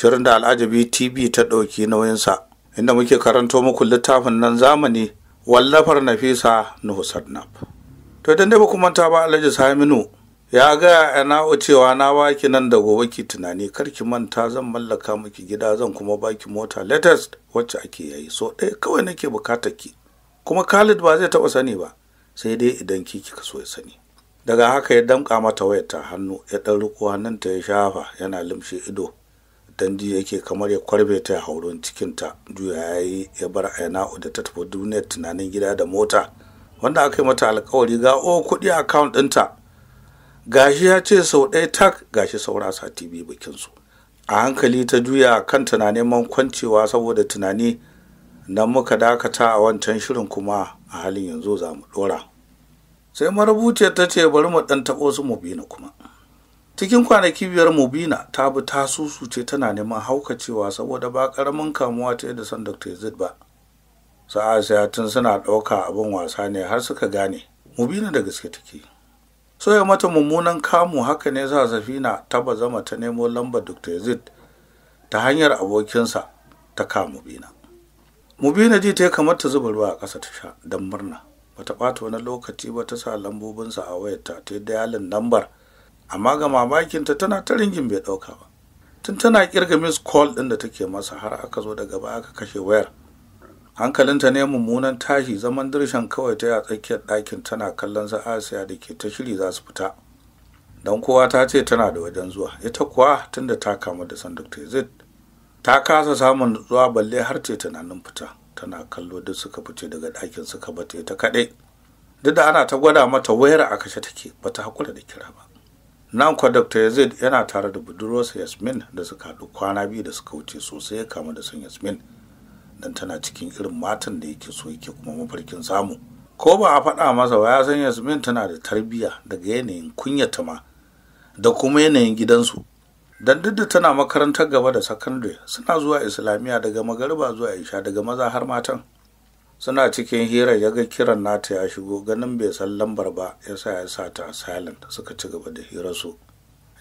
shirin da al'ajabi tv ta ɗauki nauyinsa inda muke karanto muku littafin nan zamani wallafar nafisa na sadnab to idan dai ba ta ba alhaji saminu ya gaya yana cewa na baki nan da gobe ki tunani kar ki manta zan mallaka miki gida zan kuma baki mota latest wacce ake yayi so ɗaya kawai nake bukatar ki kuma khalid ba zai taɓa sani ba sai dai idan ki kika so ya sani daga haka ya damƙa mata wayar ta hannu ya ɗan riko ta ya shafa yana limshe ido dan yake kamar ya kwarbe ta ya hauron cikinta juya ya yi ya bar aina'u da ta tafi duniyar tunanin gida da mota wanda aka yi mata alkawari ga o oh, kuɗi account ɗinta gashi ya ce sau ɗaya tak gashi saura sati bikin bikinsu a hankali ta juya kan tunanin neman kwancewa saboda tunani nan muka dakata a wancan shirin kuma a halin yanzu za mu ɗora sai marubuciyar ta ce bari mu ɗan taɓo su mu bi na kuma cikin kwanaki biyar mubina ta bi ta ce tana neman haukacewa saboda ba karamin kamuwa ta yadda son dr yazid ba sa'a sayatun suna ɗauka abin wasa ne har suka gane mubina da gaske take so ya mata mummunan kamu haka ne za safina ta zama ta nemo lambar dr yazid ta hanyar abokinsa ta ka mubina mubina ji ta kamar ta zuba ruwa a ƙasa ta sha don murna bata ɓata wani lokaci ba ta sa lambobinsa a wayarta ta yi dayalin lambar amma ga mamakinta tana ta ringin bai ɗauka ba tun tana kirga miss call ɗin da take masa har aka zo daga baya aka kashe wayar hankalinta ne mummunan tashi zaman dirshan kawai ta a tsakiyar ɗakin tana kallon sa asiya da ke ta shiri za su fita don kowa ta ce tana da wajen zuwa ita kuwa tunda ta kamu da dr zid ta kasa samun zuwa balle har ce tunanin fita tana kallo duk suka fice daga ɗakin suka bata ta kaɗai duk da ana ta gwada mata wayar a kashe take bata hakura da kira ba nan kwa dr yazid yana tare da budurwarsa yasmin da suka haɗu kwana biyu da suka wuce sosai ya kamu da son yasmin don tana cikin irin matan da yake so yake kuma mafarkin samu ko ba a faɗa masa ba ya san yasmin tana da tarbiyya daga yanayin kunyata ma da kuma yanayin gidansu don duk da tana makarantar gaba da sakandare suna zuwa islamiyya daga magariba zuwa isha daga maza har matan suna cikin hirar ya ga kiran nata ya shigo ganin bai san lambar ba ya sa ya sa ta silent suka ci gaba da su.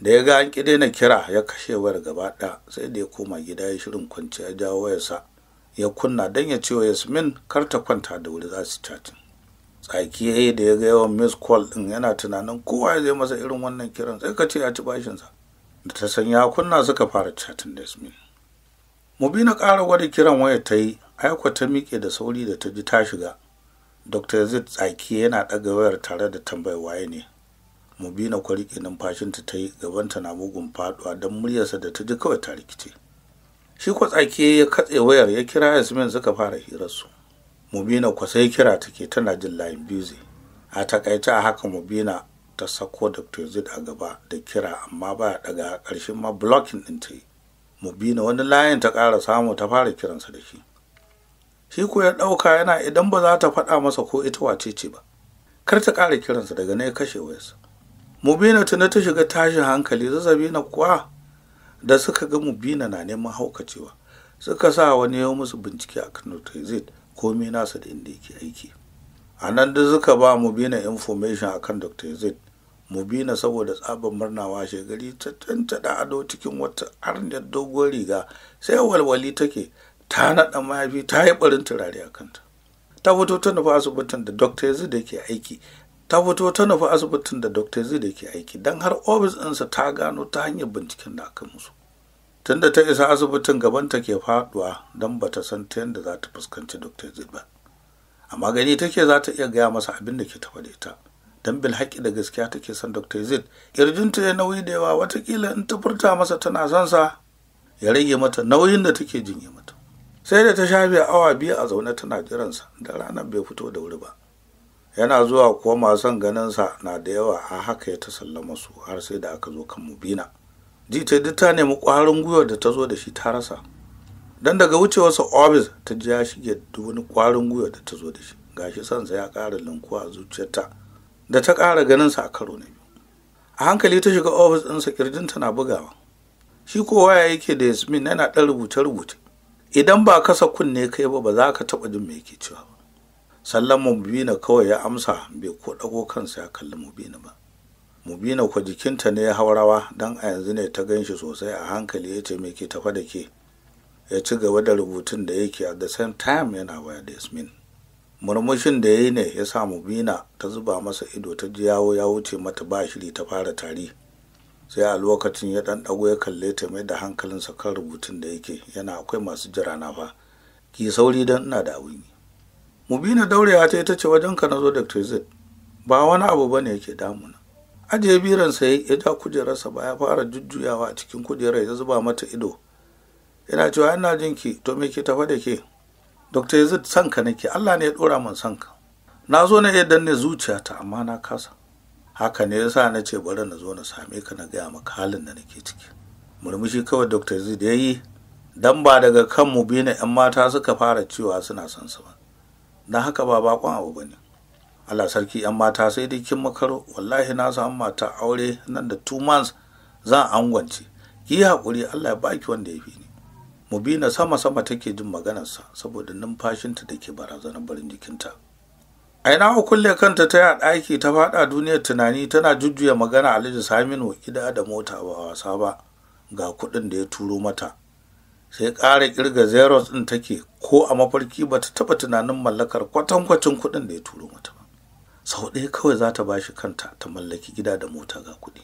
da ya ga an ƙi daina kira ya kashe wayar gaba ɗaya sai da ya koma gida ya shirin kwanci ya jawo wayarsa ya kunna don ya ce wa yasmin kar ta kwanta da wuri za su catin tsaki ya yi da ya ga yawan miss call ɗin yana tunanin kowa ya zai masa irin wannan kiran sai ka ce ya ci bashinsa da ta sanya ya kunna suka fara catin da yasmin na ƙara gwada kiran waya ta yi aiko ta miƙe da sauri da ta ji ta shiga dr zid tsaki yana ɗaga wayar tare da tambayar waye ne mubina kwa riƙe numfashinta ta yi gabanta na bugun faɗuwa don muryarsa da ta ji kawai ta rikice shi kwa tsaki ya katse wayar ya kira yasmin suka fara hirarsu mubina kwa sai kira take tana jin layin busy a takaice a haka mubina ta sako dr zid a gaba da kira amma ba baya ɗaga ƙarshen ma blocking ɗin ta yi mubina wani layin ta ƙara samu ta fara kiransa da shi shi ko ya ɗauka yana idan ba za ta faɗa masa ko ita wace ce ba kar ta ƙara kiransa daga na ya kashe wayarsa mubina tuna ta shiga tashin hankali na kuwa da suka ga mubina na neman haukacewa suka sa wani yau musu bincike a kano ko komai nasa da inda yake aiki a nan da suka ba mubina information akan dr zid mubina saboda tsabar murnawa shegari ta tantaɗa ado cikin wata arniyar dogon riga sai walwali take ta naɗa mayafi ta yi ɓarin turare a kanta ta fito ta nufi asibitin da dokta yanzu da ke aiki ta fito ta nufi asibitin da dokta yanzu da ke aiki don har ofis ɗinsa ta gano ta hanyar binciken da aka musu tunda ta isa asibitin gaban ta ke faduwa don ba ta san ta yadda za ta fuskanci dokta yanzu ba amma gani take za ta iya gaya masa abin da ke tafa da ita don bil haƙƙi da gaskiya take son dr zid ƙirjinta ya nauyi da yawa watakila in ta furta masa tana son sa ya rage mata nauyin da take jinye mata sai da ta shafe awa biyu a zaune tana jiransa da ranar bai fito da wuri ba yana zuwa kuwa masu ganinsa na da yawa a haka ya ta sallama su har sai da aka zo kan mubina ji ta duk ta nemi ƙwarin gwiwar da ta zo da shi ta rasa don daga wucewarsa obis ta ji ya shige da wani ƙwarin gwiwar da ta zo da shi gashi sansa ya ƙara linkuwa a zuciyarta da ta ƙara ganinsa a karo na biyu a hankali ta shiga ofis ɗinsa ƙirjinta na bugawa shi kowa ya yake da yasmin yana ɗan rubuce-rubuce idan ba kasa kunne kai ba ba za ka taɓa jin me yake cewa ba sallan mubina kawai ya amsa bai ko ɗago kansa ya kalli mubina ba mubina ko jikinta ne ya haurawa don a yanzu ne ta ganshi sosai a hankali yace mai me ke tafa da ke ya ci gaba da rubutun da yake at the same time yana waya da yasmin murmushin da ya yi ne ya sa mubina ta zuba masa ido ta ji yawo ya wuce mata ba shiri ta fara tari sai a lokacin ya dan dago ya kalle ta mai da hankalinsa kan rubutun da yake yana akwai masu jira na fa ki sauri dan ina da abin yi mubina daurewa ta ita ce wajen ka na zo dr z ba wani abu bane ne yake damuna ajiye biransa ya ja kujerarsa ba ya fara jujjuyawa a cikin kujerar ya zuba mata ido yana cewa ina jin ki to me ke tafa da ke dr yazid sanka nake allah ne ya dora min sanka na zo na iya danne zuciyata amma na kasa haka ne yasa na ce bari na zo na same ka na gaya maka halin da nake ciki murmushi kawai dr zid ya yi dan ba daga kanmu biyu na 'yan mata suka fara cewa suna son su ba don haka ba bakon abu ba ne Allah sarki 'yan mata sai dai kin makaro wallahi na samu mata aure nan da two months zan angwance ki yi haƙuri Allah ya baki wanda ya fi ni mubina sama sama take jin maganarsa saboda numfashinta da ke barazanar barin jikinta a ina kulle kanta ta yi ɗaki ta faɗa duniyar tunani tana jujjuya magana alhaji samin wakida da mota ba wasa ba ga kuɗin da ya turo mata sai ƙara ƙirga zeros ɗin take ko a mafarki ba ta taɓa tunanin mallakar kwatankwacin kuɗin da ya turo mata ba sau ɗaya kawai za ta bashi kanta ta mallaki gida da mota ga kuɗi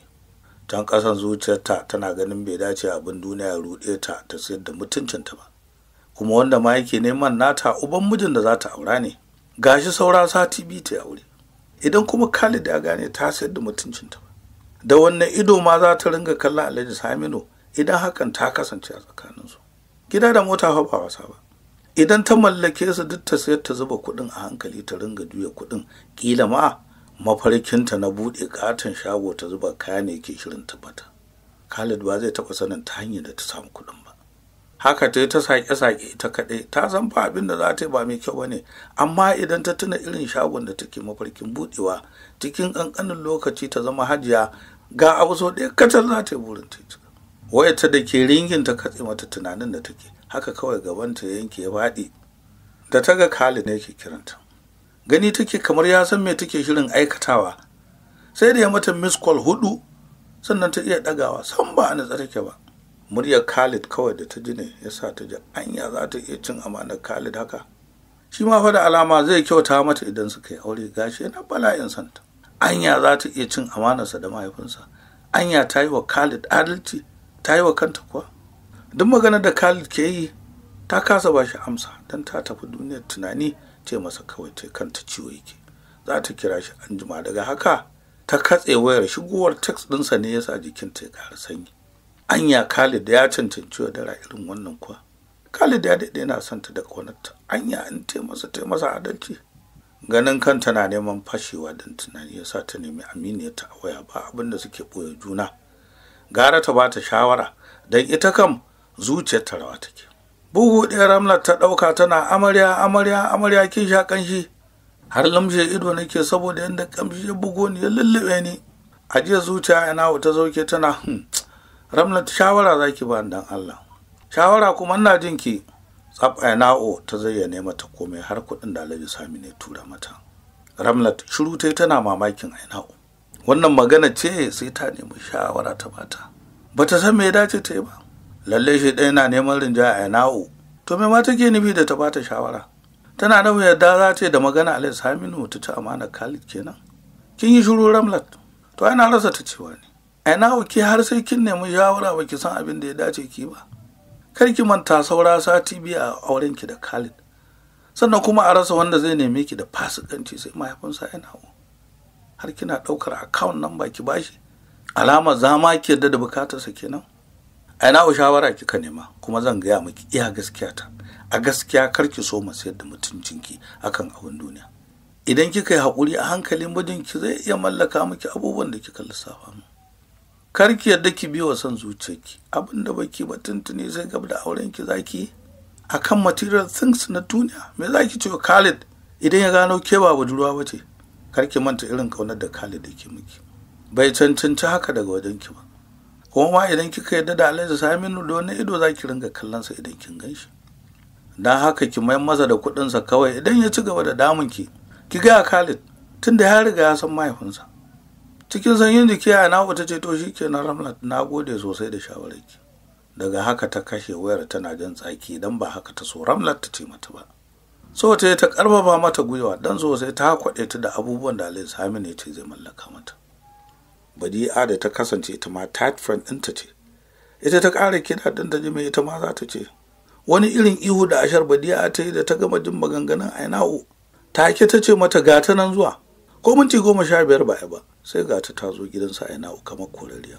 can ƙasan zuciyarta tana ganin bai dace abin duniya ya ruɗe ta ta sayar da mutuncinta ba kuma wanda ma yake neman nata uban mijin da za ta aura ne gashi saura sati biyu ta yi aure idan kuma Khalid ya gane ta sayar da mutuncinta ba da wannan ido ma za ta ringa kallon Alhaji Saminu idan hakan ta kasance a tsakaninsu gida da mota fa ba wasa ba idan ta mallake su duk ta sayar ta zuba kuɗin a hankali ta ringa juya kuɗin kila ma mafarkinta na buɗe katon shago ta zuba kaya ne ke shirin tabbata Khalid ba zai taɓa sanin ta hanyar da ta samu kuɗin haka ta yi ta sake-sake ita kaɗai ta san fa abin da za ta yi ba mai kyau bane amma idan ta tuna irin shagon da take mafarkin buɗewa, cikin ƙanƙanin lokaci ta zama hajiya ga abu so ɗaya kacal za ta yi burin ta waya ta da ke ringin ta katse mata tunanin da take haka kawai gaban ta yanke ya faɗi da ta ga Kali ne yake kiranta gani take kamar ya san me take shirin aikatawa sai da ya mata miss call hudu sannan ta iya ɗagawa san ba a natsa take ba muryar khalid kawai da ta ji ne ya sa ta ji anya za ta iya cin amanar khalid haka shi ma fa da alama zai kyauta mata idan suka yi aure gashi yana bala'in santa anya za ta iya cin amanarsa da mahaifinsa anya ta yi wa khalid adalci ta yi wa kanta kuwa duk maganar da khalid ke yi ta kasa ba shi amsa don ta tafi duniyar tunani ce masa kawai ta kanta ciwo yake za ta kira shi anjima daga haka ta katse wayar shigowar text ɗinsa ne yasa jikinta ya ƙara sanyi anya Khalid ya cancanci wa dara irin wannan kuwa Khalid ya daɗe yana son ta da ƙaunarta anya in te masa te masa adalci ganin kanta na neman fashewa don tunani ya sa ta nemi aminiya a waya ba abin da suke ɓoye juna gara ta ba ta shawara don ita kam zuciyar ta rawa take bugu ɗaya ramlar ta ɗauka tana amarya amarya amarya kin sha ƙanshi har lamshe ido nake saboda yadda ƙamshi ya bugo ni ya lullube ni a jiya zuciya yana ta zauke tana hmm, Ramnat shawara za ki ba dan allah shawara kuma ina jin ki na'o ta zayyane mata komai har kuɗin da alhaji sami ne tura mata ramlat shiru ta tana mamakin aina'o wannan magana ce sai ta nemi shawara ta bata bata san me ya dace ta yi ba lalle shi ɗaya na neman rinjaya aina'o to me ma take nufi da ta bata shawara tana da yarda za ta da magana alhaji saminu ta ci amana khalid kenan kin yi shiru ramlat to ana rasa ta cewa ne ina ke har sai kin nemi shawara ba ki san abin da ya dace ki ba kar ki manta saura sati biyu a auren ki da Khalid sannan kuma a rasa wanda zai neme ki da fasikanci sai mahaifinsa yana har kina ɗaukar account nan ba ki bashi alama zama ki yadda da sa kenan a ina shawara kika nema kuma zan gaya miki iya gaskiya ta a gaskiya kar ki so masu yadda ki akan abun duniya idan kika yi hakuri a hankalin ki zai iya mallaka miki abubuwan da kika lissafa mu kar ki yadda ki biyo son zuciyarki abin da baki ba tuntuni sai gaba da auren ki zaki akan material things na duniya me zaki ce Khalid idan ya gano ke ba budurwa bace ce kar manta irin kaunar da Khalid yake miki bai cancanci haka daga wajen ki ba kuma ma idan kika yadda da Alhaji Saminu da na ido zaki ringa kallon sa idan kin ganshi. shi dan haka ki mai masa da kudin sa kawai idan ya ci gaba da damun ki ki ga Khalid tunda ya riga ya san mahaifinsa cikin sanyin jiki a na ta ce to shi ke na ramla na gode sosai da shawararki daga haka ta kashe wayar tana jin tsaki don ba haka ta so ramla ta ce mata ba so ta ta karfafa mata gwiwa dan sosai ta kwaɗe ta da abubuwan da alhaji saminu ya ce zai mallaka mata badi'a da ta kasance ita ma tight friend ta ce ita ta ƙara kiɗa ɗin ta ji mai ita ma za ta ce wani irin ihu da ashar badi'a ta yi da ta gama jin maganganun aina'u take ta ce mata gata nan zuwa ko minti goma sha biyar ba ba sai ga ta ta zo gidansa a yana kamar korariya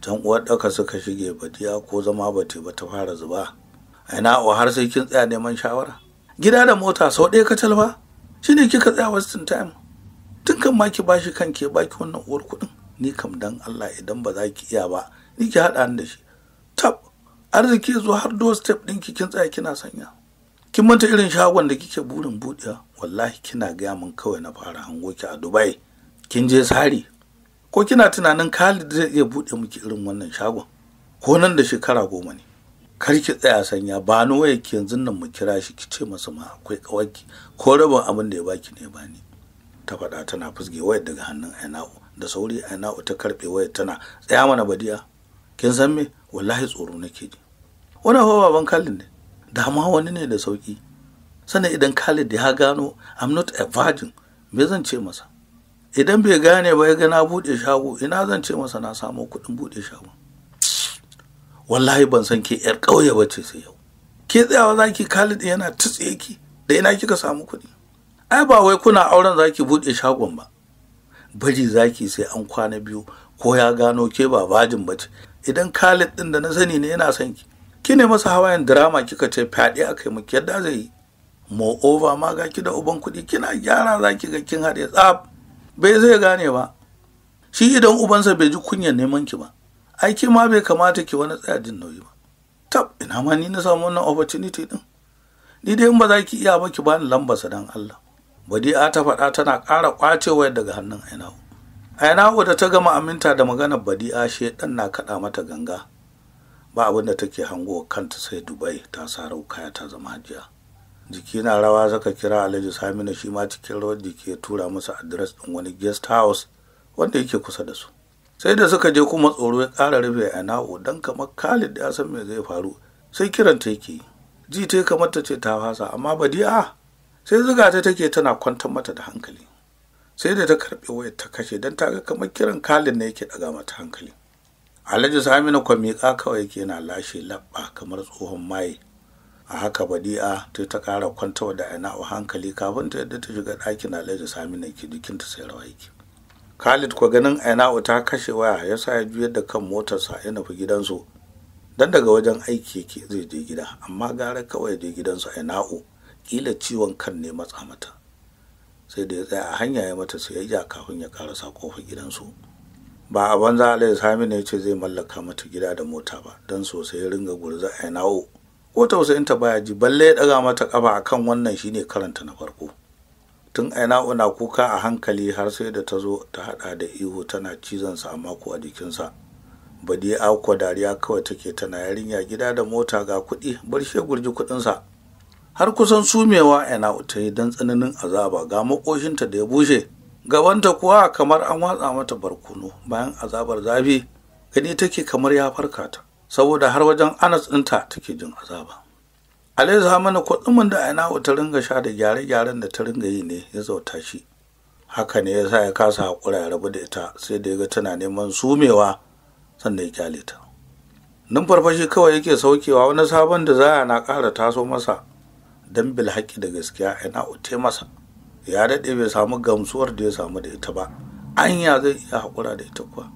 can uwar ɗaka suka shige badiya ko zama ba ba ta fara zuba a yana har sai kin tsaya neman shawara gida da mota sau ɗaya kacal ba ne kika tsaya wasu time tun kan ma ki bashi ke baki wannan uwar kuɗin ni kam dan Allah idan ba za ki iya ba ni ki haɗa ni da shi tab arziki zuwa har do step ɗin ki kin tsaya kina sanya kin manta irin shagon da kike burin buɗewa wallahi kina gaya min kawai na fara hango ki a dubai kin je sari ko kina tunanin khalid zai iya buɗe miki irin wannan shagon ko nan da shekara goma ne kar ki tsaya sanya ba ni waya ki yanzu nan mu kira shi ki ce masa ma akwai kawaki ko rabin abin da ya baki ne ba ni ta faɗa tana fusge wayar daga hannun aina'u da sauri aina'u ta karɓe wayar tana tsaya mana badiya kin san me wallahi tsoro nake ji wani hawa baban kalin ne Dama wani ne da sauki sannan idan Khalid ya gano I'm not a virgin me zan ce masa idan bai gane ba ya ga na buɗe shago ina zan ce masa na samu kuɗin buɗe shago wallahi ban san ke yar ƙauye ba ce sai yau ke tsayawa zaki Khalid yana tutsiye ki da ina kika samu kuɗi ai ba wai kuna auren zaki buɗe shagon ba bari zaki sai an kwana biyu ko ya gano ke ba bajin ba ce idan Khalid ɗin da na sani ne yana son ki kine masa hawayen drama kika ce fyaɗe akai yi miki yadda zai yi mo'ova ma ga ki da uban kuɗi kina gyara za ki ga kin haɗe tsaf bai zai gane ba shi idan ubansa bai ji kunyar neman ki ba aiki ma bai kamata ki wani tsaya din nauyi ba tab ina ma ni na samu wannan opportunity din ni dai in ba za ki iya ba ki bani sa dan Allah badi'a ta faɗa tana ƙara ƙwacewa daga hannun ainahu ainahu da ta gama aminta da maganar badi'a shedan na kaɗa mata ganga ba abin da take hango kanta sai dubai ta sarau kaya ta zama hajiya jiki na rawa zaka kira alhaji samina shi ma cikin rawar jiki ya tura masa adres din wani guest house wanda yake kusa da su sai da suka je kuma tsoro ya kara rufe a na'u don kamar khalid ya san me zai faru sai kiranta yake ji ta kamar ta ce ta fasa amma badi'a sai zuga ta take tana kwantar mata da hankali sai da ta karɓe wayar ta kashe don ta ga kamar kiran kalid ne yake daga mata hankali alhaji samina kwa kawai yake na lashe labba kamar tsohon maye a haka badi'a ta ta kara kwantawa da aina a hankali kafin ta yadda ta shiga ɗakin alhaji sami na ke jikinta sai rawa yake khalid kwa ganin aina ta kashe waya ya sa ya juyar da kan motarsa ya nufi gidansu dan daga wajen aiki yake zai je gida amma gara kawai ya je gidansu aina'u kila ciwon kan ne matsa mata sai da ya tsaya a hanya ya mata sayayya kafin ya karasa kofar gidansu ba a banza alhaji sami ne ya ce zai mallaka mata gida da mota ba don sosai ya ringa gurza aina'u ko tausayinta baya ji balle ya ɗaga mata ƙafa akan wannan shine karanta na farko tun aina una kuka a hankali har sai da ta zo ta haɗa da ihu tana cizonsa a mako a jikinsa badi akwa dariya kawai take tana yarinya gida da mota ga kuɗi barshe gurji kuɗinsa har kusan sumewa aina ta yi don tsananin azaba ga makoshinta da ya bushe gabanta kuwa kamar an watsa mata barkono bayan azabar zafi gani take kamar ya farka ta saboda har wajen anas ɗinta take jin azaba za mana kwaɗumin da aina ta ringa sha da gyare-gyaren da ta ringa yi ne ya zauta shi haka ne ya sa ya kasa haƙura ya rabu da ita sai da ya ga tana neman sumewa sannan ya kyale ta farfashi kawai yake saukewa wani sabon da a na ƙara taso masa don bil haƙƙi da gaskiya aina ute masa ya daɗe bai samu gamsuwar da ya samu da ita ba anya zai iya haƙura da ita kuwa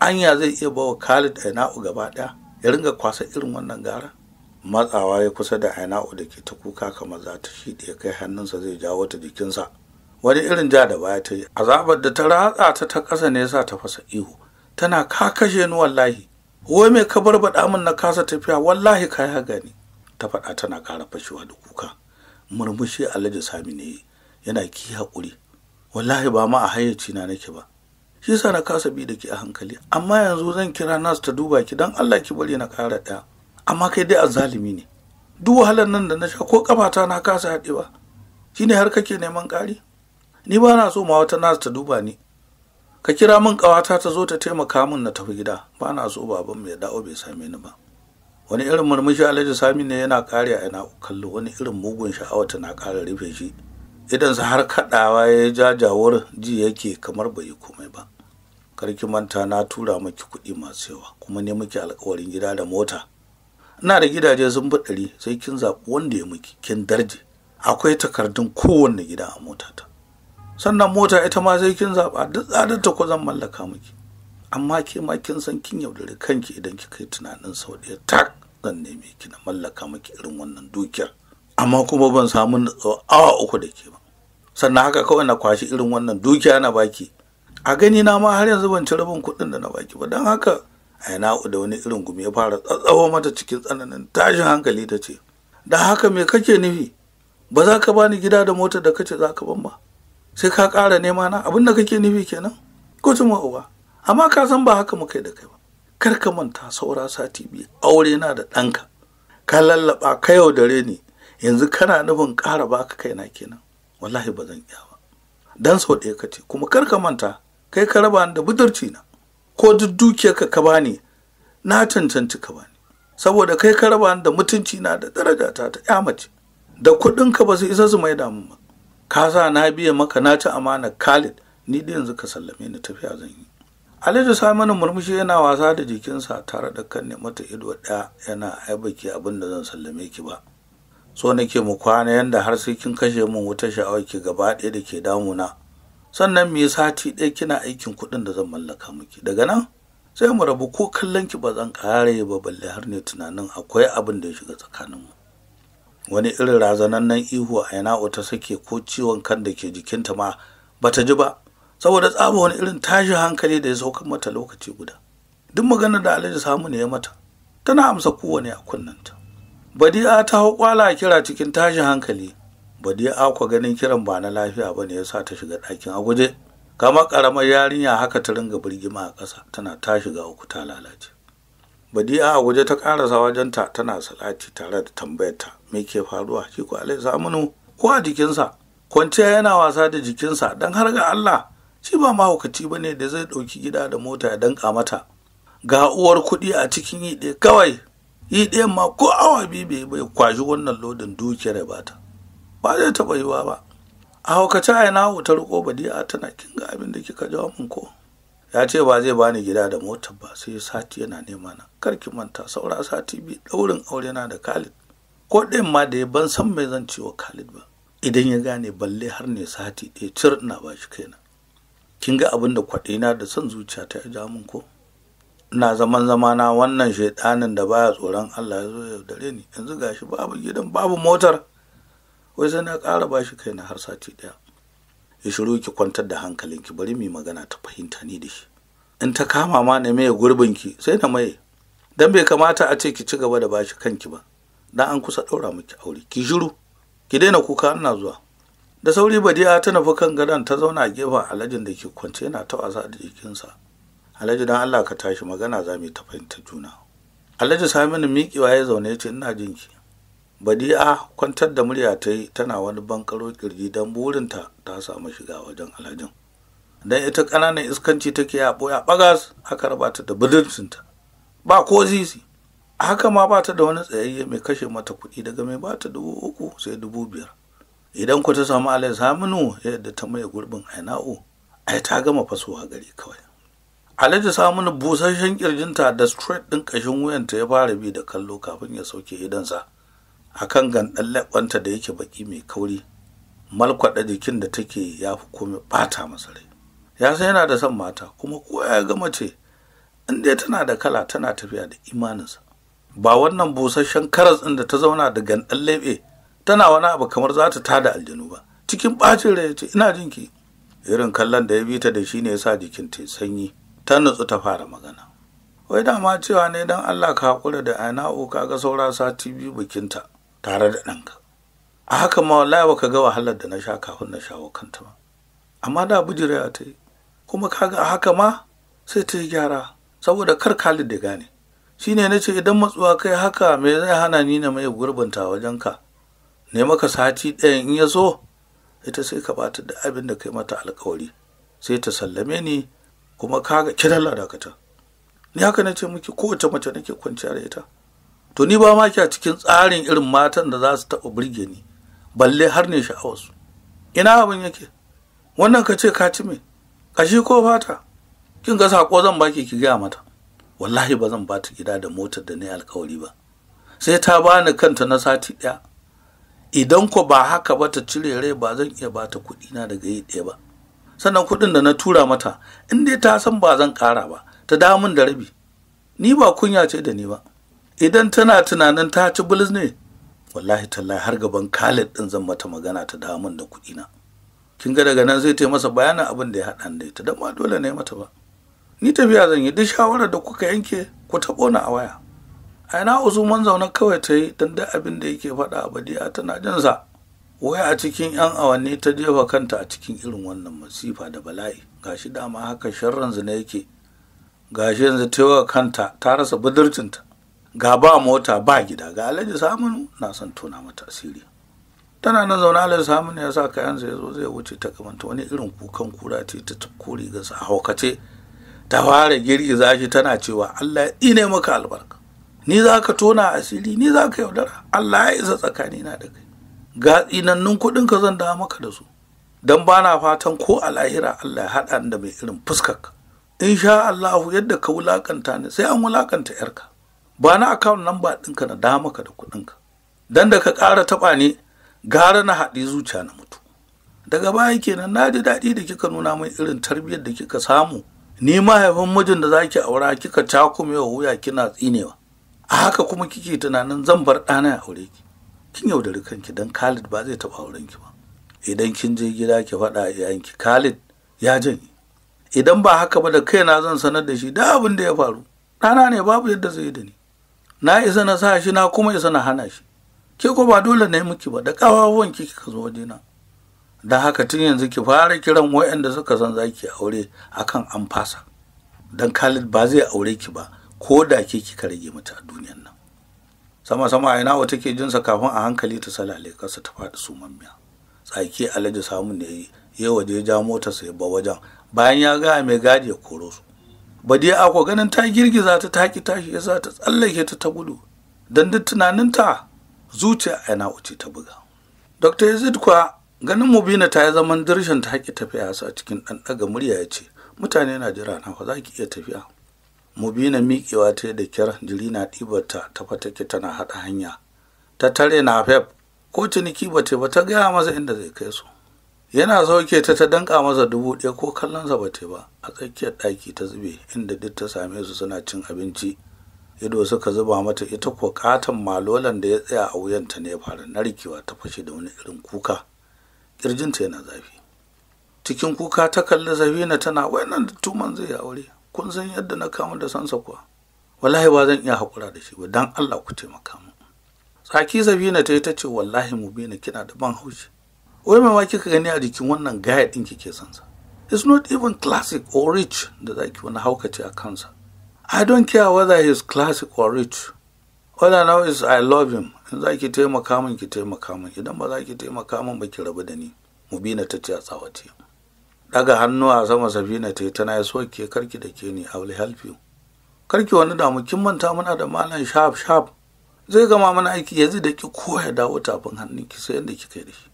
anya zai iya bawa khalid aina gaba ɗaya ya ringa kwasa irin wannan gara matsawa ya kusa da aina'u da ke ta kuka kamar za ta shi ya kai hannunsa zai jawo ta jikinsa wani irin ja da baya ta yi azabar da ta ratsa ta ta ƙasa ne sa ta fasa ihu tana ka kashe ni wallahi wai mai ka barbaɗa min na kasa tafiya wallahi ka ya gani ta faɗa tana ƙara fashewa da kuka murmushi alhaji sami ne yana ki haƙuri wallahi ba ma a hayyaci na nake ba shi yasa na kasa bi da ke a hankali amma yanzu zan kira nas ta duba ki dan Allah ki bari na kara ɗaya amma kai dai azzalimi ne duk wahalar nan da na sha ko kafata na kasa haɗewa shine har kake neman ƙari ni ba na so ma wata nas ta duba ni ka kira min ƙawata ta zo ta taimaka min na tafi gida ba na so baban mai dawo bai same ni ba wani irin murmushi alhaji sami ne yana kare a ina kallo wani irin mugun sha'awa na kara rufe shi idan sa har kaɗawa ya ja jawar ji yake kamar bai yi komai ba karki manta na tura maki kuɗi masu yawa kuma ne miki alkawarin gida da mota ina da gidaje sun bi ɗari sai kin zaɓi wanda ya miki kin darje akwai takardun kowanne gida a motata sannan mota ita ma sai kin zaɓa duk tsadar ta ko zan mallaka miki amma ke ma kin san kin yaudari kanki idan kika yi tunanin sau ɗaya tak zan neme ki na mallaka miki irin wannan dukiyar amma kuma ban samu awa uku da ke ba sannan haka kawai na kwashi irin wannan dukiya na baki a gani na ma har yanzu ban ci rabin kuɗin da na baki ba don haka ai na'u da wani irin gumi ya fara tsatsawo mata cikin tsananin tashin hankali ta ce da haka me kake nufi ba za ka bani gida da motar da kace za ka ban ba sai ka kara nema na abin da kake nufi kenan ko tuma uba amma ka san ba haka muka yi da kai ba kar ka manta saura sati biyu aure na da ɗanka ka lallaɓa ka yau da ni yanzu kana nufin ƙara baka kaina kenan wallahi ba zan iya ba dan sau ɗaya ka ce kuma kar ka manta kai ka raba da budurci na ko duk dukiyar ka ka bani na cancanci ka bani saboda kai ka raba da mutunci na da daraja ta ta ya mace da kuɗin ka ba su isa su mai damu ba ka sa na biya maka na ci amana Khalid ni da yanzu ka sallame ni tafiya zan yi Alhaji Saminu murmushi yana wasa da jikinsa tare da kan mata ido ɗaya yana aibaki baki abin da zan sallame ki ba so nake mu kwana yanda har sai kin kashe min wuta sha'awar ki gaba ɗaya da ke damuna sannan mu sati ɗaya kina aikin kuɗin da zan mallaka miki daga nan sai mu rabu ko kallon ki ba zan yi ba balle har ne tunanin akwai abin da ya shiga tsakanin mu wani irin razanan nan ihu a yana'u ta sake ko ciwon kan da ke jikinta ma bata ji ba saboda tsaba wani irin tashin hankali da ya sauka mata lokaci guda duk maganar da alhaji samu ne ya mata tana amsa kowane a kunnanta badi'a ta hau kwala a kira cikin tashin hankali badiya akwa ganin kiran ba na lafiya ba ne ya sa ta shiga ɗakin a guje kama ƙaramar yarinya haka ta ringa birgima a ƙasa tana ta shiga uku ta lalace badiya a guje ta ƙarasa wajenta tana salati tare da tambayarta me ke faruwa shi ko alai zamanu ko a jikinsa kwanciya yana wasa da jikinsa don har ga allah shi ba mahaukaci ba ne da zai ɗauki gida da mota ya danƙa mata ga uwar kuɗi a cikin yi ɗaya kawai yi ɗayan ma ko awa biyu bai kwashi wannan lodin dukiyar ya bata ba zai taɓa yiwa ba a haukace a yana wuta riko badi'a tana kin ga abin da kika jawo min ko ya ce ba zai bani gida da motar ba sai sati yana nema na Kar ki manta saura sati biyu daurin aure na da khalid ko ɗin ma da ya ban san mai zan ciwo khalid ba idan ya gane balle har ne sati ɗaya cir ina ba shi kaina kin ga abin da na da son zuciya ta ja min ko na zaman zama na wannan shaiɗanin da baya tsoron Allah ya zo ya dare ni yanzu gashi babu gidan babu motar wai sai na ƙara ba shi kaina har sati ɗaya ya shiru ki kwantar da hankalinki bari mu magana ta fahimta ni da shi in ta kama ma na gurbin ki, sai na maye dan bai kamata a ce ki ci gaba da bashi kanki ba dan an kusa ɗaura miki aure ki shiru ki daina kuka ina zuwa da sauri badiya ta nufi kan gadon ta zauna a gefen alhajin da ke kwance yana ta wasa da jikinsa alhaji dan allah ka tashi magana za mu yi ta fahimta juna alhaji saminu miƙewa ya zaune ya ce ina jinki badi'a kwantar da murya ta yi tana wani bankaro kirji don burinta ta samu shiga wajen alhajin don ita ƙananan iskanci take ya ɓoya ɓagas haka raba ta da budurcinta ba ko zizi haka ma ba ta da wani tsayayye mai kashe mata kuɗi daga mai ba ta dubu uku sai dubu biyar idan ku ta samu alai yadda ta maye gurbin aina'u ai ta gama fasowa gari kawai alhaji saminu busasshen kirjinta da straight ɗin ƙashin wuyanta ya fara bi da kallo kafin ya sauke idansa akan gandan labanta da yake baki mai kauri malkwada jikin da take ya fi komai bata masa rai ya san yana da son mata kuma ko ya ga mace inda tana da kala tana tafiya da imaninsa ba wannan busasshen karas ɗin da ta zauna da gandan lebe tana wani abu kamar za ta tada aljanu ba cikin bacin rai ce ina jinki irin kallon da ya bi ta da shi ne ya sa jikin ta sanyi ta nutsu ta fara magana wai dama cewa ne don allah ka haƙura da ka ga saura sati biyu bikinta tare da ɗanka a haka ma wallahi ka ga wahalar da na sha kafin na shawo kanta ba amma da bujirewa ta yi kuma kaga a haka ma sai ta yi gyara saboda kar kali da gane Shi ne na ce idan matsuwa kai haka me zai hana ni na mai gurbinta wajen ka ne maka sati ɗaya in ya zo ita sai ka bata da abin da kai mata alkawari sai ta sallame ni kuma kaga kiran ladakata ni haka na ce miki kowace mace nake kwanciya da ita to ni ba ma a cikin tsarin irin matan da za su taɓa burge ni balle har ne sha'awarsu ina abin yake wannan ka ce ka ci me Ƙashi ko fata kin ga sako zan baki ki gaya mata wallahi ba zan ba ta gida da motar da na yi alkawari ba sai ta bani kanta na sati ɗaya idan ko ba haka ba ta cire rai ba zan iya bata kuɗi na daga yi ɗaya ba sannan kuɗin da na tura mata in dai ta san ba zan ƙara ba ta damun da rabi ni ba kunya ce da ni ba idan tana tunanin ta ci bilis ne wallahi tallahi har gaban khalid din zan mata magana ta dawo min da kuɗi na kin ga daga nan zai ta masa bayanin abin da ya haɗa da ta dan ma dole ne mata ba ni tafiya zan yi duk shawarar da kuka yanke ku taɓo na a waya a ina uzuman zaune kawai ta yi dan da abin da yake faɗa a badiya tana jin sa waya a cikin yan awanni ta jefa kanta a cikin irin wannan masifa da bala'i gashi dama haka sharran zina yake gashi yanzu ta kanta ta rasa budurcinta ga ba mota ba gida ga alhaji saminu na son tona mata asiri tana nan zaune alhaji saminu ya sa kayansa ya zo zai wuce ta kamanta wani irin kukan kura ce ta tafko ga sa haukace ta fara za shi tana cewa allah ya ine maka albarka ni za ka tona asiri ni za ka yaudara allah ya isa tsakani na da kai ga tsinannun kuɗin ka zan dawo maka da su don bana fatan ko a lahira allah ya haɗa da mai irin fuskar in sha allahu yadda ka wulakanta ni sai an wulakanta yarka ba na account number ɗinka na dama ka da kuɗinka dan da ka ƙara taɓa ne gara na haɗi zuciya na mutu daga baya kenan na ji daɗi da kika nuna min irin tarbiyyar da kika samu ni mahaifin mijin da zaki aura kika wa wuya kina tsinewa a haka kuma kike tunanin zan bar ɗana ya aure ki kin yaudari kanki dan Khalid ba zai taɓa auren ki ba idan kin je gida ki faɗa a yayanki Khalid ya janye idan ba haka ba da kaina zan sanar da shi da abin da ya faru ɗana ne babu yadda zai yi da ni na isa na sa shi na kuma isa na hana shi ke ko ba dole na yi miki ba da ƙawawan ki kika zo wajena don haka tun yanzu ki fara kiran wayanda suka san za ki aure akan an fasa Dan Khalid ba zai aure ki ba ko da ke kika rage mata a duniyan nan sama sama a ina wata ke jinsa kafin a hankali ta salale kasa ta faɗi su mamiya tsaki alhaji samun da ya yi ya waje ja motarsa ya ba wajen bayan ya ga mai gadi ya koro su Ba dai akwa, ganin ta girgiza ta taki tashi za ta tsallake ta ta gudu don duk tunaninta zuciya a yana wuce ta buga dr yazid kuwa ganin mubina ta yi zaman dirshin ta haƙi tafiya sa cikin ɗan ɗaga murya ya ce mutane na jira na fa za ki iya tafiya mubina miƙewa ta da kyar jiri na ɗibarta ta fatake tana haɗa hanya ta tare na fef ko ciniki ba ce ba ta gaya masa inda zai kai su yana sauke ta ta danka masa dubu ɗaya ko kallonsa ba ta ba a tsakiyar ɗaki ta zube inda duk ta same su suna cin abinci ido suka zuba mata ita ko katon malolan da ya tsaya a wuyanta ne ya fara narkewa ta fashe da wani irin kuka Ƙirjinta yana zafi cikin kuka ta kalli safina tana wainan da tuman zai aure kun san yadda na kama da sansa kuwa wallahi ba zan iya haƙura da shi ba dan Allah ku taimaka mu tsaki safina ta yi ta ce wallahi mu bina kina da ban haushi wai ma kika gani a jikin wannan gaya ɗin kike son sa it's not even classic or rich da za ki wani haukace a kansa i don't care whether he classic or rich all i know is i love him in za ki taimaka min ki taimaka min idan ba za ki taimaka min ba ki rabu da ni mubina ta ce a tsawace daga hannu a sama safina ta yi tana ya soke karki da ke ni i will help you karki wani damu kin manta muna da malam sharp sharp zai gama mana aiki yanzu da ki koya dawo tafin hannun ki sai yadda kika yi da shi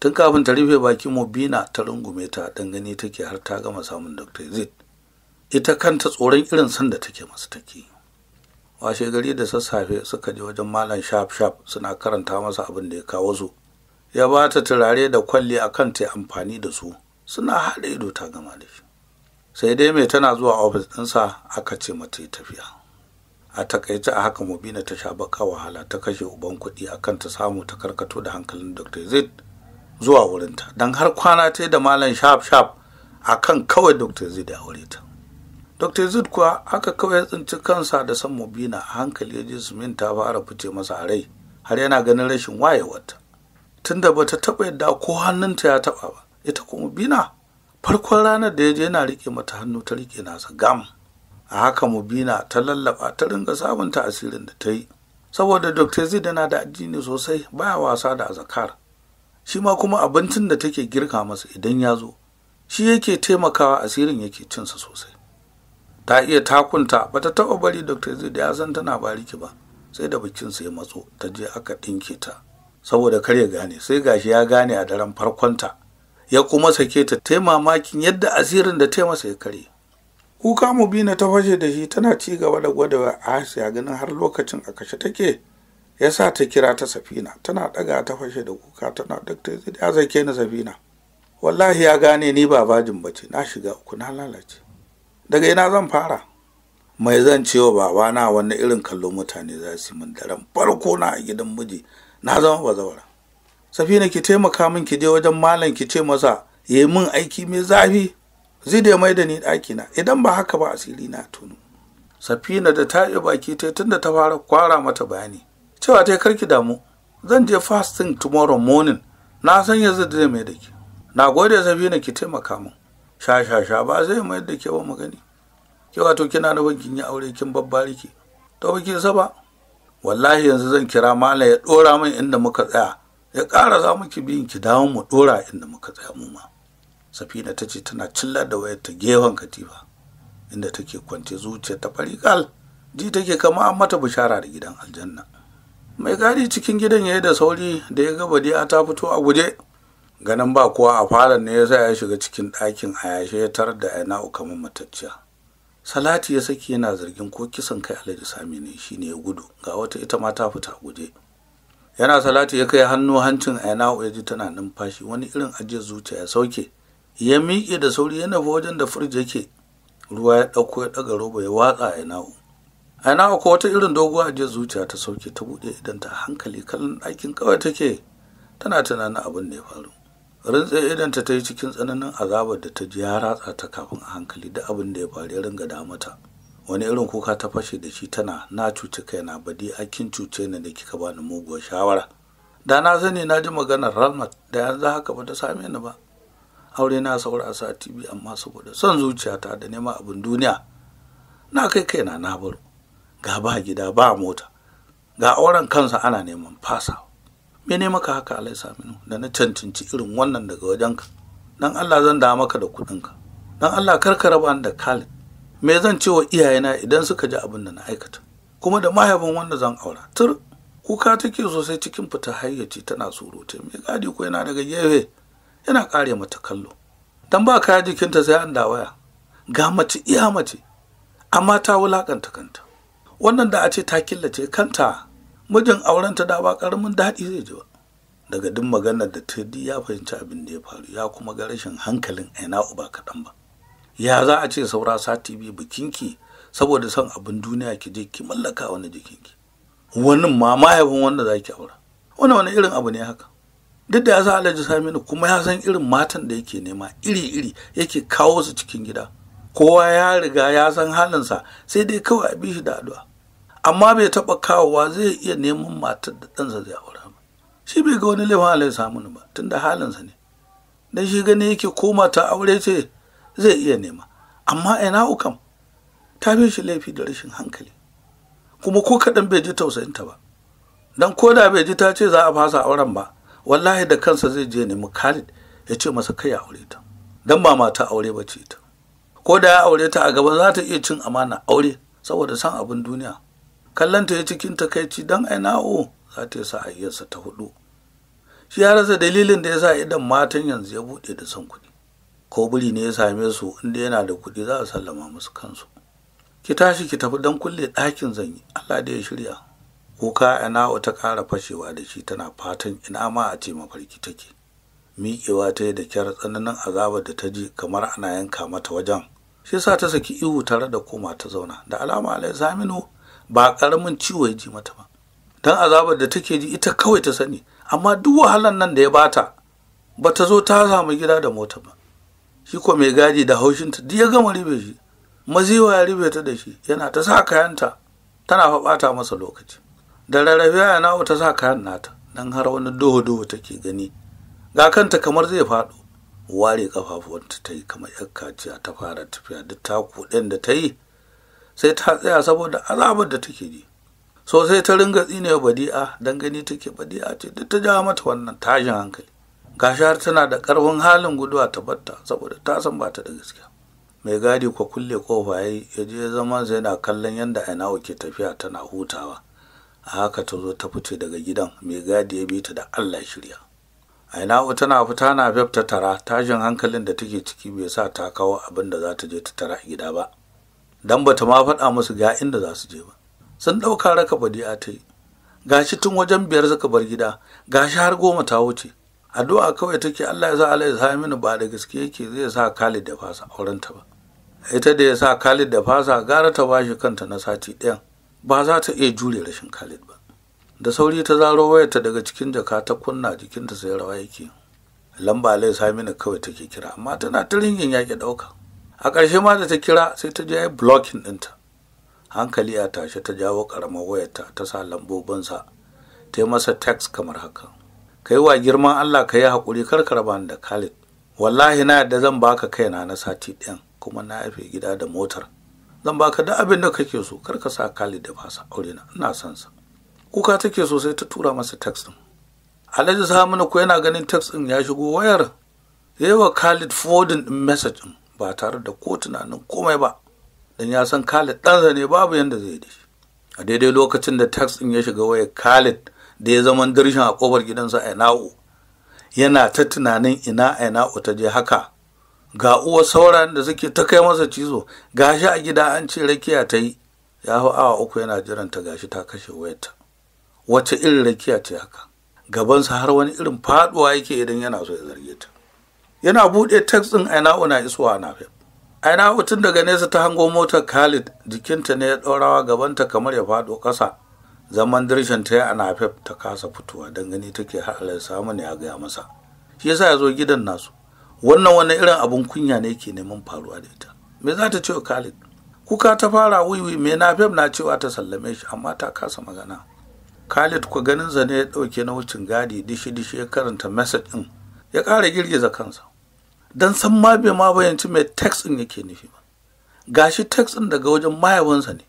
tun kafin ta rufe bakin mubina ta rungume ta gani take har ta gama samun dr Z. ita kanta tsoron irin san da take masu take washe gari da sassafe suka je wajen malam shaf shaf suna karanta masa abin da ya kawo su ya ba ta turare da kwalli a kan ta amfani da su suna haɗa ido ta gama da shi sai dai mai tana zuwa ofis ɗinsa aka ce mata tafiya a takaice a haka mubina ta sha baka wahala ta kashe uban kuɗi akan ta samu ta karkato da hankalin dr zaid zuwa wurinta don har kwana ta da malam shaf shaf a kan kawai dr zid ya aure ta dr zid kuwa haka kawai ya tsinci kansa da san mubina a hankali ya ji sumin ta fara fice masa a rai har yana ganin rashin wayewarta tunda bata taɓa yadda ko hannunta ya taɓa ba ita kuma mubina farkon ranar da ya je yana riƙe mata hannu ta riƙe nasa gam a haka mubina ta lallaba ta ringa sabunta asirin da ta yi saboda dr zid yana da addini sosai baya wasa da azakar shi ma kuma abincin da take girka masa idan ya zo shi yake taimakawa asirin yake cinsa sosai ta iya takunta ba ta taɓa bari dr zai da ya san tana bariki ba sai da bikinsa ya matso ta je aka ɗinke ta saboda kar ya gane sai gashi ya gane a daren farkonta ya kuma sake ta taimamakin yadda asirin da ta masa ya karye kuka mu na ta fashe da shi tana ci gaba da gwada a hasiya ganin har lokacin a kashe take ya sa ta kira ta safina tana ɗaga ta fashe da kuka tana dakta ya zake ni safina wallahi ya gane ni ba bajin bace na shiga uku na lalace daga ina zan fara mai zan ce cewa babana wani irin kallo mutane za su min daren farko na a gidan miji na zama bazawara safina ki taimaka min ki je wajen malam ki ce masa yayi min aiki mai zafi zai mai da ni ɗakina idan ba haka ba asiri na tunu safina da ta yi baki ta tunda ta fara kwara mata bayani cewa ta karki damu zan je fasting tomorrow morning na san yanzu da zai mai da ke na gode na ki taimaka min sha sha sha ba zai mai da ke ba magani ke wato kina nufin kin yi aure kin babbari ki to ba ki saba wallahi yanzu zan kira mala ya dora min inda muka tsaya ya kara za mu ki biyin ki dawo mu dora inda muka tsaya mu ma safina ta ce tana cillar da wayar ta gefen katifa inda take kwance zuciya ta farikal ji take kama mata bishara da gidan aljanna mai gadi cikin gidan ya yi da sauri da ya gaba dai ta fito a guje ganin ba kowa a falon ne ya sa ya shiga cikin ɗakin a yashe ya tarar da aina kamar matacciya salati ya saki yana zargin ko kisan kai alhaji sami ne shi ne ya gudu ga wata ita ma ta fita guje yana salati ya kai hannu hancin aina ya ji tana numfashi wani irin ajiye zuciya ya sauke ya miƙe da sauri ya nufi wajen da firji yake ruwa ya ɗauko ya ɗaga roba ya watsa a a ko wata irin doguwa ajiyar zuciya ta sauke ta buɗe idan ta hankali kallon ɗakin kawai take tana tunanin abin da ya faru rintse idan ta ta yi cikin tsananin azabar da ta ji ya ratsa ta kafin a hankali da abin da ya faru ya ringa damata mata wani irin kuka ta fashe da shi tana na cuci kaina badi akin cuce ni da kika bani muguwar shawara da na sani na ji maganar ralmat da yanzu haka ba ta same ni ba aure na saura sa tv amma saboda son zuciyata da neman abin duniya na kai kaina na baro ga ba gida ba mota ga auren kansa ana neman fasa mene maka haka alai saminu da na cancanci irin wannan daga wajenka dan Allah zan da maka da kuɗinka dan Allah kar ka raba da Khalid me zan ce wa iyayena idan suka ji abin da na aikata kuma da mahaifin wanda zan aura tur kuka take sosai cikin fita hayyaci tana surute Me gadi ko yana daga gefe yana kare mata kallo dan ba kaya jikinta sai an da waya ga mace iya mace amma ta wulakanta kanta wannan da a ce ta killace kanta mijin aurenta da ba karamin daɗi zai ji ba daga duk maganar da ta ya fahimci abin da ya faru ya kuma ga rashin hankalin aina uba kaɗan ba ya za a ce saura sati biyu bikinki saboda son abin duniya ki je ki mallaka wani jikinki wani ma mahaifin wanda za ki aura wani wani irin abu ne haka duk da ya sa alhaji saminu kuma ya san irin matan da yake nema iri-iri yake kawo su cikin gida kowa ya riga ya san halinsa sai dai kawai a bi shi da addu'a amma bai taɓa kawowa zai iya neman matar da ɗansa zai aura ba shi bai ga wani laifin samu ni ba tunda halinsa ne dan shi gani yake ko mata aure ce zai iya nema amma ina ukam ta bi shi laifi da rashin hankali kuma ko kaɗan bai ji tausayin ta ba dan ko da bai ji ta ce za a fasa auren ba wallahi da kansa zai je nemi Khalid ya ce masa kai aure ta dan ba mata aure ba ce ta ko da ya aure ta a gaba za ta iya cin amana aure saboda san abin duniya kallanta ya cikin takaici don ainao na'o za ta yi ayyarsa ta hudu shi ya rasa dalilin da ya sa idan matan yanzu ya buɗe da son kuɗi ko biri ne ya same su inda yana da kuɗi za a sallama musu kansu ki tashi ki tafi don kulle ɗakin zanyi Allah da ya shirya kuka ana'u ta ƙara fashewa da shi tana fatan ina ma a ce mafarki take miƙewa ta yi da kyar tsananin azabar da ta ji kamar ana yanka mata wajen shi sa ta saki ihu tare da koma ta zauna da alama alai zaminu ba ƙaramin ciwo ya ji mata ba don azabar da take ji ita kawai ta sani amma duk wahalan nan da ya bata ba ta zo ta samu gida da mota ba shi ko mai gadi da haushinta duk ya gama ribe shi maziwa ya ribe ta da shi yana ta sa kayanta tana faɓata masa lokaci da rarrafe ya na'u ta sa kayan nata don har wani doho-doho take gani ga kanta kamar zai faɗo ware kafafuwanta ta yi kamar yar kaciya ta fara tafiya duk taku ɗin da ta yi sai ta tsaya saboda azabar da take ji so sai ta ringa tsine badi'a dan gani take badi'a ce duk ta ja mata wannan tashin hankali gashi har tana da karfin halin guduwa ta batta saboda ta san ba ta da gaskiya mai gadi ko kulle kofa yayi ya je zaman sai na kallon yadda ainawo ke tafiya tana hutawa a haka ta zo ta fice daga gidan mai gadi ya bi ta da Allah shirya aina tana fita na fef ta tara tashin hankalin da take ciki bai sa ta kawo abin da za ta je ta tara gida ba dan bata ma faɗa musu ga inda za su je ba sun ɗauka raka a ta yi gashi tun wajen biyar suka bar gida gashi har goma ta wuce addu'a kawai take Allah ya sa Allah ya sa mini ba da gaske yake zai sa Khalid da fasa aurenta ta ba ita da ya sa Khalid da fasa gara ta bashi kanta na sati ɗayan ba za ta iya jure rashin Khalid ba da sauri ta zaro wayarta daga cikin jaka ta kunna jikinta sai rawa yake lamba ya sa mini kawai take kira amma tana ta ringin yaƙi ɗauka a ƙarshe ma da ta kira sai ta je blokin ɗinta hankali a tashe ta jawo ƙaramar wayarta ta sa lambobinsa ta yi masa text kamar haka ka yi wa girman allah ka yi haƙuri kar ka raba da khalid wallahi na yadda zan baka kaina na sati ɗin kuma na haife gida da motar zan baka da abin da kake so kar ka sa khalid da fasa aure na ina son sa kuka take so sai ta tura masa text ɗin alhaji Saminu ko yana ganin text ɗin ya shigo wayar yayi wa khalid forwarding ɗin message ɗin ba tare da ko tunanin komai ba don ya san Khalid ɗansa ne babu yadda zai da shi a daidai lokacin da tax ɗin ya shiga waya, Khalid da ya zama dirshin a ƙofar gidansa na'u yana ta tunanin ina na'u ta je haka ga uwa sauran da suke ta kai masa cizo gashi a gida an ce rakiya ta yi ya hau awa uku yana jiran ta gashi ta kashe wayarta wace irin rakiya ce haka gabansa har wani irin faduwa yake idan yana so ya zarge ta yana buɗe text ɗin aina'u na isuwa na fi aina'u tun daga nesa ta hango motar khalid jikinta ne ya ɗorawa gabanta kamar ya faɗo ƙasa zaman dirshin ta yi a nafef ta kasa fitowa don gani take har samun samu ya gaya masa shi yasa ya zo gidan nasu wannan wani irin abun kunya ne ke neman faruwa da ita me za ta ce wa khalid kuka ta fara wiwi me nafef na cewa ta sallame shi amma ta kasa magana khalid kwa ganin zane ya ɗauke na wucin gadi dishi dishi ya karanta message ɗin ya ƙara girgiza kansa don san ma bai ma bayanci mai text ɗin yake nufi ba gashi text ɗin daga wajen mahaifinsa ne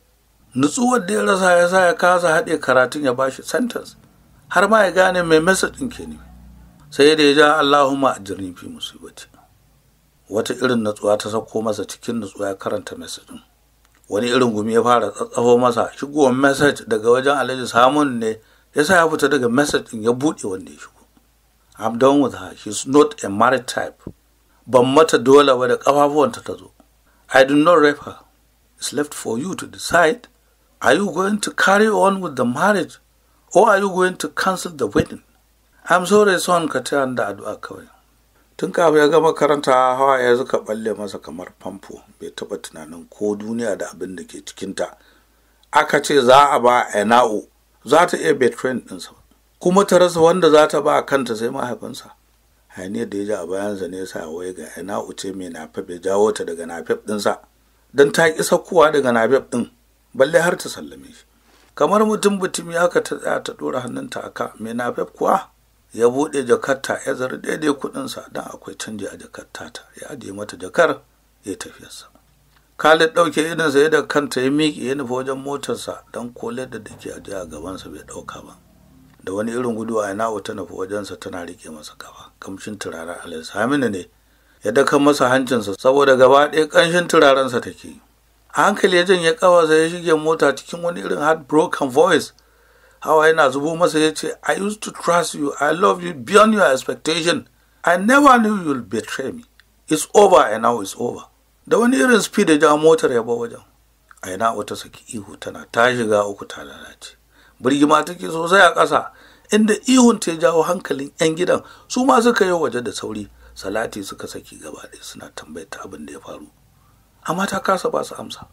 nutsuwar da ya rasa ya sa ya kasa haɗe karatun ya bashi sentence har ma ya gane mai message ɗin ke nufi sai da ya ja Allahumma ajirni fi musibati wata irin nutsuwa ta sauko masa cikin nutsuwa ya karanta message ɗin wani irin gumi ya fara tsatsafo masa shigowar message daga wajen Alhaji Samun ne ya sa ya fita daga message ɗin ya buɗe wanda ya shigo I'm done with her she's not a married type ban mata dole ba da ƙafafuwanta ta zo i do not rape her it's left for you to decide are you going to carry on with the marriage or are you going to cancel the wedding i'm sorry son ka ta da addu'a kawai tun kafin ya gama karanta hawa ya zuka balle masa kamar famfo bai taba tunanin ko duniya da abin da ke cikinta aka ce za a ba ena'u za ta iya betrin ɗinsa kuma ta rasa wanda za ta ba kanta sai mahaifinsa hanyar da ya ji a bayansa ne sa wai ga ina uce mai nafef ya jawo ta daga nafef ɗinsa don ta ƙi saukowa daga nafef ɗin balle har ta sallame shi kamar mutum mutum ya ka ta tsaya ta ɗora hannunta a ka mai nafef kuwa ya buɗe jakarta ya zara daidai kuɗinsa don akwai canji a jakarta ta ya ajiye mata jakar ya tafiyarsa Khalid ɗauke irin ya da kanta ya miƙe ya nufa wajen motarsa don kolar da dake a gabansa bai ɗauka ba. da wani irin gudu a na'u ta nufi wajensa tana rike masa gaba kamshin turaren alhamina ne ya daka masa hancinsa saboda gaba ɗaya ƙanshin turarensa take a hankali ya janye ƙawarsa ya shige mota cikin wani irin heartbroken voice hawa yana zubo masa ya ce i used to trust you i love you beyond your expectation i never knew you'll betray me it's over and now it's over da wani irin speed ya ja motar ya ba wajen A yana wata saki ihu tana ta shiga uku ta lalace birgima take sosai a ƙasa inda ihun ta jawo hankalin 'yan gidan su ma suka yi waje da sauri salati suka saki gaba ɗaya suna tambayar ta abin da ya faru amma ta kasa ba su amsa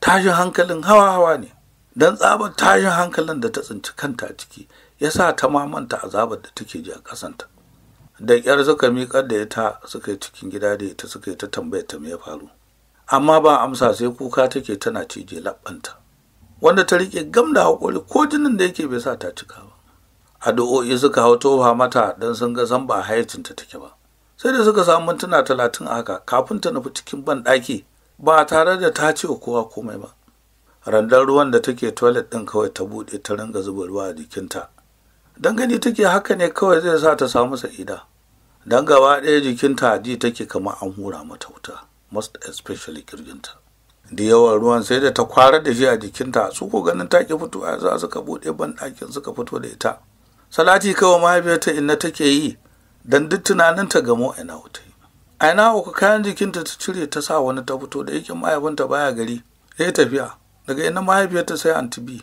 tashin hankalin hawa hawa ne dan tsabar tashin hankalin da ta tsinci kanta ciki ya sa ta mamanta azabar da take ji a ƙasanta da ƙyar suka miƙar da ita suka yi cikin gida da ita suka yi ta tambayar ta me ya faru amma ba amsa sai kuka take tana cije laɓanta. wanda ta riƙe gam da haƙuri ko jinin da yake bai sa ta cika ba addu'o'i suka hau tofa mata don sun ga san ba ta take ba sai da suka samu mintuna talatin a haka kafin ta nufi cikin ban ɗaki ba tare da ta ce kowa komai ba randar ruwan da take toilet ɗin kawai ta buɗe ta ringa zuba ruwa a jikinta don gani take haka ne kawai zai sa ta samu sa'ida don gaba ɗaya jikinta ji take kamar an hura mata wuta most especially kirginta da yawan ruwan sai da ta kwarar da shi a jikinta su ko ganin ta ki fito a za suka buɗe banɗakin suka fito da ita salati kawai mahaifiyarta inna take yi dan duk tunaninta ga mu ina wuta ina ka kayan jikinta ta cire ta sa wani ta fito da yake mahaifinta baya gari ya tafiya daga ina mahaifiyarta sai antibi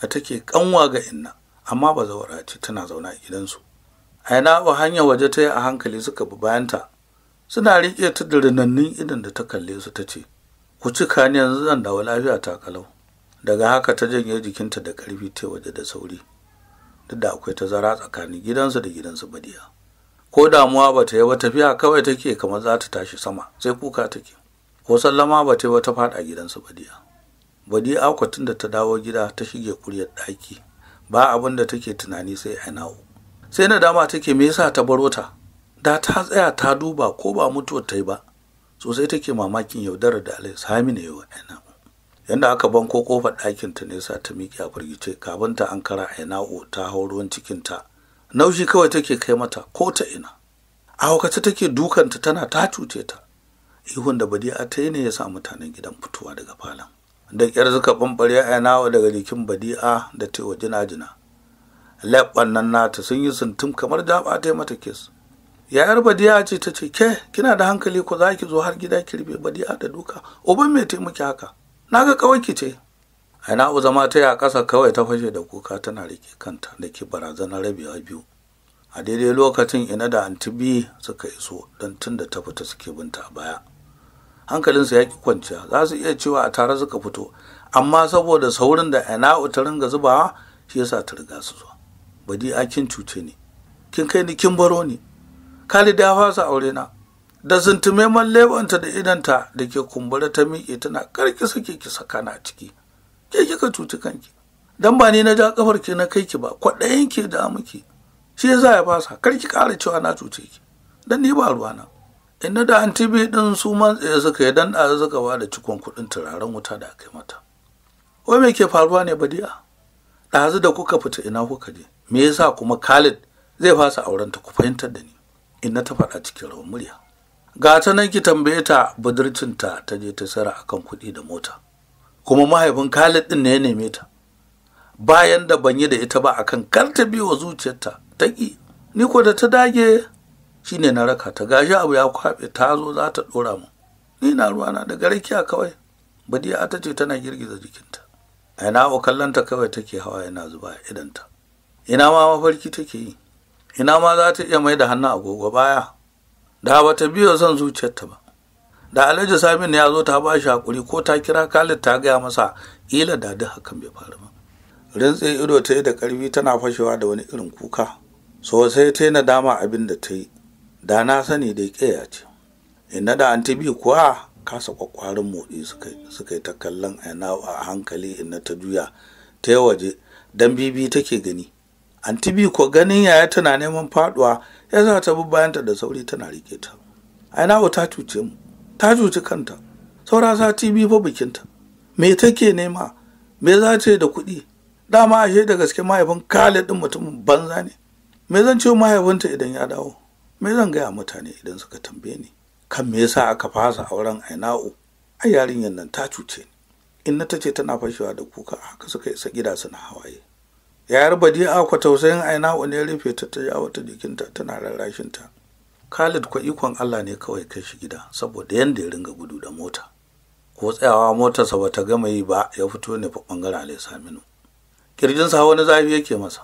da take kanwa ga inna amma ba zaura ce tana zaune a gidansu a ina ba hanya waje ta yi a hankali suka bi bayanta suna riƙe ta da rinannun idan da ta kalle su ta ce ku ci ni yanzu zan dawo lafiya ta kalau daga haka ta janye jikinta da ƙarfi ta waje da sauri duk da akwai tazara tsakanin gidansu da gidansu badiya ko damuwa ba ta yi ba tafiya kawai take kamar za ta tashi sama sai kuka take ko sallama ba ta yi wata ta faɗa gidansu badiya badiya akwatin da ta dawo gida ta shige kuryar ɗaki ba abin da take tunani sai nawo. sai nadama take me yasa ta baro ta da ta tsaya ta duba ko ba mutuwar ta yi ba sosai take mamakin yaudarar da Alex hami ne wa Aina'u. yadda aka banko kofar ɗakin ta nesa ta miƙe a firgice kafin ta ankara Aina'u ta hau ruwan cikinta. Naushi kawai take kai mata ko ta ina. A hukace take dukanta tana ta cuce ta. Ihun da Badi'a ta yi ne ya sa mutanen gidan fitowa daga falon. Da ƙyar suka ɓamɓare Aina'u daga jikin Badi'a da ta yi wa jina-jina. Leɓɓan nan nata sun yi tum kamar jaɓa ta yi mata kes. yayar badiya ce ta ce ke kina da hankali ko za zo har gida kirbe badiya da duka uban me taimaki haka na ga kawai ki ce ai na zama ta ya kasa kawai ta fashe da kuka tana rike kanta da ki barazana rabewa biyu a daidai lokacin ina da antibi suka iso don tun da ta fita suke binta a baya hankalinsu ya ki kwanciya za su iya cewa a tare suka fito amma saboda saurin da ana'u ta ringa zubawa shi yasa ta riga su zuwa badi kin cuce ne kin kai ni kin baro ni Khalid ya fasa aure na da man lebanta da idanta da ke kumbura ta miƙe tana karki suke ki saka ciki ke kika cuci kanki dan ba ni na ja kafar ki na kai ki ba kwaɗayin ki da muke shi yasa ya fasa karki ƙara cewa na cuce ki dan ni ba ruwa na. inda da antibi din su ma tsaye suka yi dan ɗazu suka ba da cikon kuɗin turaren wuta da aka mata wai me ke faruwa ne badiya ɗazu da kuka fita ina kuka je me yasa kuma khalid zai fasa aurenta ku fahimtar da ni inna ta faɗa cikin rawar murya ga ta nan ki tambaye ta budurcinta ta je ta sara akan kuɗi da mota kuma mahaifin Khalid din ne ya neme ta bayan da ban yi da ita ba akan kar ta wa zuciyarta ta ki ni ko da ta dage shine na raka ta gashi abu ya kwaɓe ta zo za ta ɗora mu ni na ruwa ruwana da garkiya kawai badiya ta ce tana girgiza jikinta ina o kallanta kawai take hawa yana zuba idanta ina ma mafarki take yi ina ma za ta iya mai da hannu agogo baya da ba ta biyo son zuciyarta ba da alhaji saminu ya zo ta ba shi hakuri ko ta kira khalid ta gaya masa ila da duk hakan bai faru ba rintse ido ta yi da karfi tana fashewa da wani irin kuka sosai ta yi nadama abin da ta yi da na sani dai kaya ce inna da bi kuwa kasa kwakwarin motsi suka yi ta kallon a hankali inna ta juya ta yi waje dan bibi take gani antibi ko ganin yaya tana neman faduwa ya sa ta bi bayanta da sauri tana rike ta ainawa ta cuce mu ta cuci kanta saura sati biyu fa bikinta me take nema me za yi da kuɗi dama ashe da gaske mahaifin kale ɗin mutumin banza ne me zan ce mahaifinta idan ya dawo me zan gaya mutane idan suka tambaye ni kan me yasa aka fasa auren aina'u ai yarinyar nan ta cuce ni in na tace tana fashewa da kuka haka suka isa gida suna hawaye yayar badi'a kwa tausayin aina ya rufe ta ta wata ta jikinta tana rarrashinta khalid kwa ikon allah ne kawai kai shi gida saboda yadda ya ringa gudu da mota ko tsayawa motarsa ba ta gama yi ba ya fito ne fa bangaren alai saminu kirjinsa wani zafi yake masa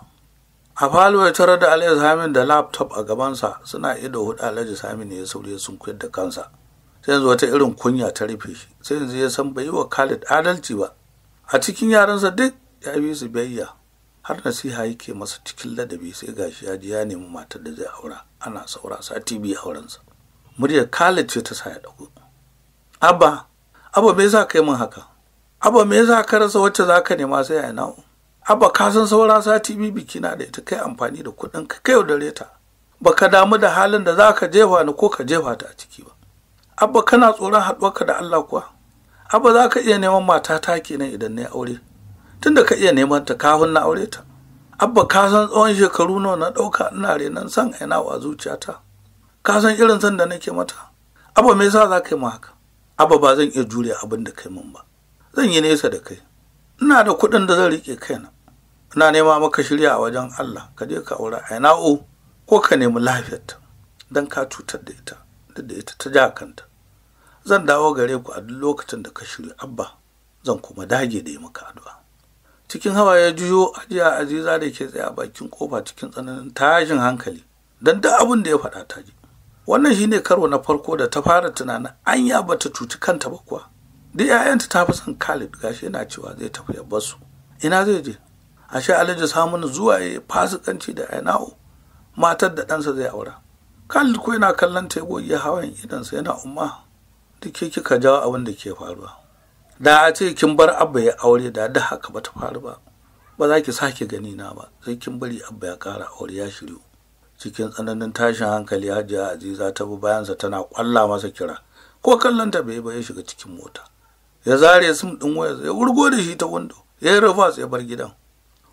a falo ya tarar da alai hamin da laptop a gabansa suna ido hudu alhaji Saminu ya sauri sun kuyar da kansa sai yanzu wata irin kunya ta rufe shi sai yanzu ya san bai yi wa khalid adalci ba a cikin yaransa duk ya bi su biyayya har nasiha yake masa cikin ladabi sai gashi ya ji ya nemi matar da zai aura ana saura sati biyu aurensa muryar kala ce ta sa ya dago abba abba me za ka yi min haka abba me za ka rasa wacce za ka nema sai ya nawo abba ka san saura sati biyu biki na da ita kai amfani da kuɗin ka kai yaudare ta baka damu da halin da za ka jefa ni ko ka jefa ta a ciki ba abba kana tsoron ka da allah kuwa abba za ka iya neman mata ta kenan idan na aure tunda ka iya neman ta kafin na aure ta abba ka san tsawon shekaru nawa na ɗauka ina renon san ina wa zuciyata ka san irin san da nake mata abba me yasa za ka yi haka abba ba zan iya jure abin da kai mun ba zan yi nesa da kai ina da kuɗin da zan riƙe kaina ina nema maka shirya a wajen Allah ka je ka aura a o ko ka nemi lafiyarta don ka cutar da ita duk da ita ta ja kanta zan dawo gare ku a duk lokacin da ka shirya abba zan kuma dage da yi maka addu'a cikin hawa ya juyo ajiya aziza da ke tsaye a bakin kofa cikin tsananin tashin hankali don duk abin da ya faɗa ta ji wannan shine karo na farko da ta fara tunanin anya bata cuci kanta ba kuwa duk 'ya'yanta ta fi son Khalid gashi yana cewa zai tafi ya basu ina zai je A Ali Alhaji samun zuwa ya fasikanci da Ainao matar da ɗansa zai aura Khalid ko yana kallon ta ya goge hawan idansa yana umma duk kika jawo abin da ke faruwa da a ce kin bar abba ya aure da da haka ba ta faru ba ba za ki sake gani na ba sai kin bari abba ya ƙara aure ya shiryu cikin tsananin tashin hankali hajiya aziza ta bi bayansa tana kwalla masa kira ko kallon ta bai ba ya shiga cikin mota ya zare sim ɗin wayarsa ya wurgo da shi ta wando, ya yi rufas ya bar gidan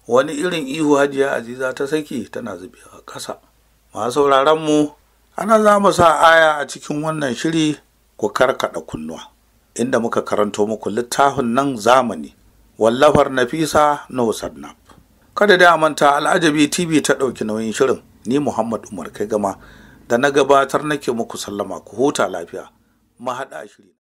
wani irin ihu hajiya aziza ta saki tana zube a ƙasa masu sauraron mu ana za mu sa aya a cikin wannan shiri ku karkaɗa kunnuwa inda muka karanto muku littafin nan zamani wallafar nafisa na sadnaf kada da manta al'ajabi tv ta ɗauki nauyin shirin ni muhammad umar kai gama da na gabatar nake muku sallama ku huta lafiya mahaɗa shiri